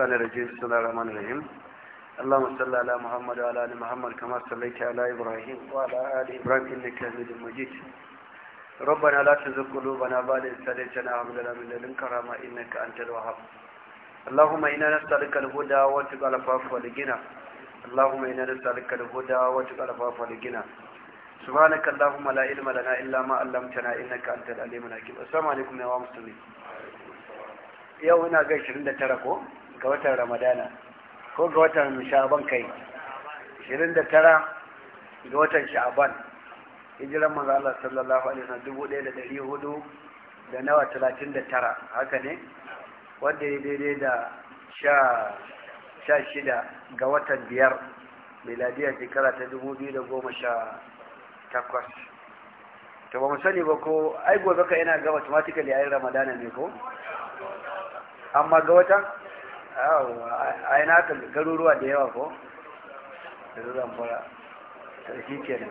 الرحمن الرجيم بسم الله الرحمن الرحيم اللهم صل على محمد وعلى ال محمد كما صليت على ابراهيم وعلى ال ابراهيم انك حميد مجيد ربنا لا تزغ قلوبنا بعد إذ هديتنا وهب لنا من لدنك رحمة انك انت الوهاب اللهم انا نسالك الهدى واتقى العفاف والغنى اللهم انا نسالك الهدى واتقى العفاف والغنى سبحانك اللهم لا علم لنا الا ما علمتنا انك انت العليم الحكيم السلام عليكم يا مسلمين yau ina ga 29 ko ga watan ramadana ko ga watan sha'aban kai 29 ga watan sha'aban hijiran manzo Allah sallallahu alaihi wasallam hudu da nawa talatin da haka ne wanda ya daidai da sha shida ga watan biyar miladiyar shekara ta dubu biyu da goma sha to ba mu sani ba ko ai gobe ka ina ga tumatika da ramadana ne ko amma ga wata a yana ka garuruwa da yawa ko da su ta sarki kenan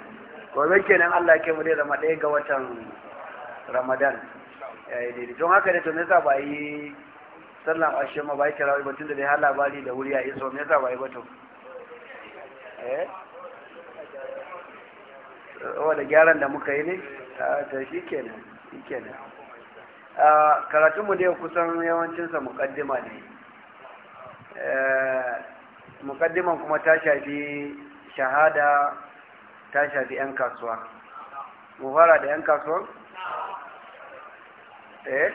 gobe kenan allah ke mu dai zama ɗaya ga watan ramadan ya yi daidai don haka da to nesa ba yi sallan ashe ma ba yi kira ba tun da dai har labari da wuri a iso nesa ba yi ba to eh wadda gyaran da muka yi ne ah, ta shi kenan shi kenan ah, karatunmu dai kusan yawancinsa mukaddima ne Eh, mukaddiman kuma ta shafi shahada ta shafi 'yan kasuwa mu fara da 'yan kasuwan? eh?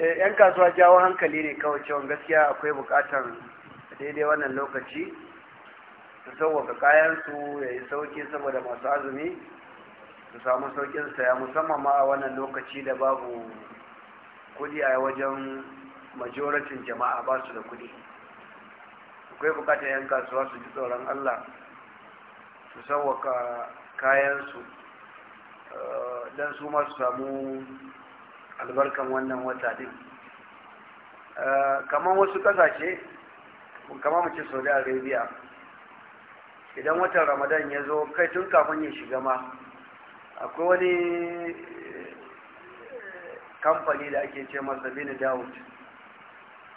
'yan eh, kasuwa jawo hankali ne kawai cewa gaskiya akwai bukatar daidai wannan lokaci su sauwaka kayansu ya yi sauki saboda masu azumi su samu saukin saya musamman ma a wannan lokaci da babu kudi a wajen majoratin jama'a ba su da kuɗi akwai bukatar 'yan kasuwa su ji tsoron allah su sauwaka kayansu eh, don su masu samu albarkan wannan wata din eh, kamar wasu kasashe kamar mace saudi arabia idan watan ramadan ya zo kai tun kafin ya shiga ma akwai wani eh, kamfani da ake ce masa bin dawud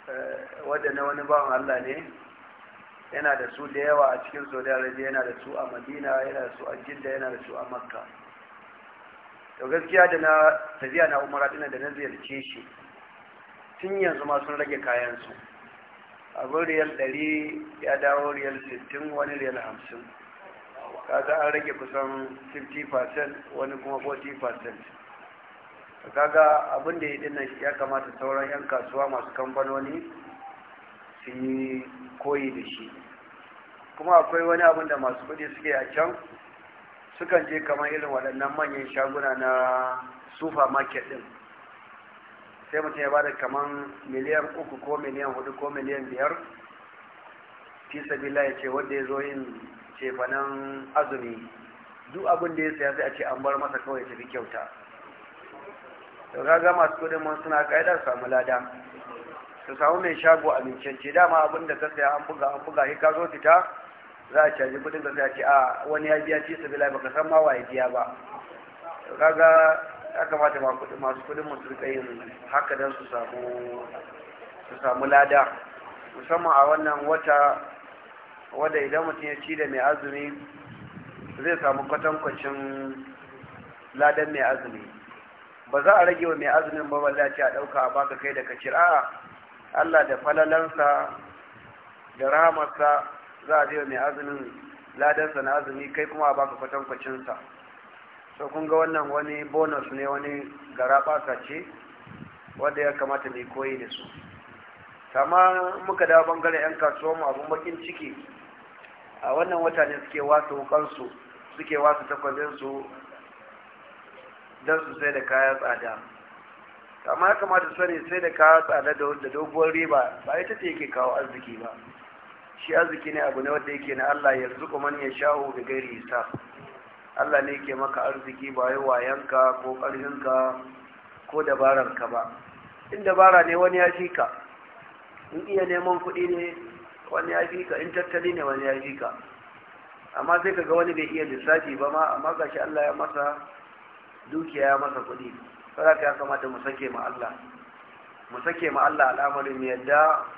Eh, wadda na wani bawan Allah ne yana da su da yawa a cikin saudi arabia yana da su a madina yana da su a jidda yana da su a makka to gaskiya da na tafiya na umara dina da na ziyarce shi tun yanzu ma sun rage kayansu abin riyal 100 ya dawo riyal 60 wani riyal 50 kaga an rage kusan 50% wani kuma 40% kaga abin da ya dina shi ya kamata sauran 'yan kasuwa masu kamfanoni su yi koyi da shi kuma akwai wani abin da masu kudi suke a can sukan je kamar irin waɗannan manyan shaguna na supermarket ɗin? sai mutum ya bada kamar miliyan uku ko miliyan hudu ko miliyan biyar fi sabila ya ce wanda ya zo yin cefanen azumi duk abin da ya saya sai a ce an bar masa kawai tafi kyauta to gama masu kudin mun suna kaidar samu lada su samu mai shago a amincance dama abinda ka saya an buga an buga hika zo fita za a caji kudin ka sai a ce a wani ya biya ci sabila baka san ma waye biya ba to ga ya kamata masu kudin mu rika yin haka don su samu su samu lada musamman a wannan wata wadda idan mutum ya ci da mai azumi zai samu kwatankwacin ladan mai azumi ba za a rage wa mai azumin ba wallahi a ɗauka a baka kai daga kira a Allah da falalansa da rahamarsa za a je wa mai azumin ladansa na azumi kai kuma a baka kwatankwacinsa so kun ga wannan wani bonus ne wani garaɓasa ce wanda ya kamata mai koyi da su kama muka dawo bangaren 'yan kasuwanmu abin bakin ciki a wannan wata ne suke wasu wukansu suke wasu takwabinsu don su sai da kaya tsada amma ya kamata sani sai da kaya tsada da doguwar riba ba ita ce yake kawo arziki ba shi arziki ne abu ne wanda yake na Allah ya zuku man ya shahu da gairi hisab Allah ne yake maka arziki ba yi wayanka ko ƙarfinka ko dabararka ba in dabara ne wani ya fi ka in iya neman kuɗi ne wani ya fi ka in tattali ne wani ya fi ka amma sai ka ga wani bai iya lissafi ba ma amma gashi Allah ya masa dukiya ya masa kuɗi saboda ya kamata mu sake ma Allah mu sake ma Allah al'amarin mu yadda